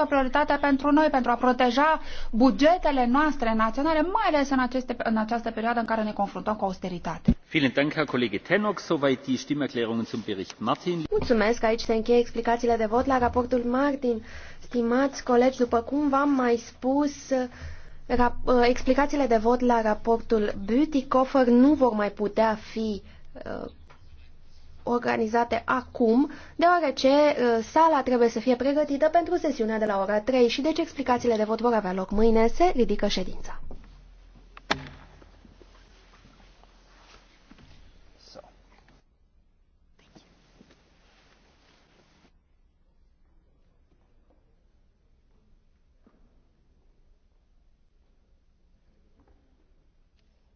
reprezintă o prioritate pentru noi, pentru a proteja bugetele noastre naționale, mai ales în, aceste, în această perioadă în care ne confruntăm cu austeritate. Mulțumesc, aici se încheie explicațiile de vot la raportul Martin. Stimați colegi, după cum v-am mai spus, ă, explicațiile de vot la raportul Butikofer nu vor mai putea fi ă, organizate acum, deoarece uh, sala trebuie să fie pregătită pentru sesiunea de la ora 3 și deci explicațiile de vot vor avea loc mâine, se ridică ședința.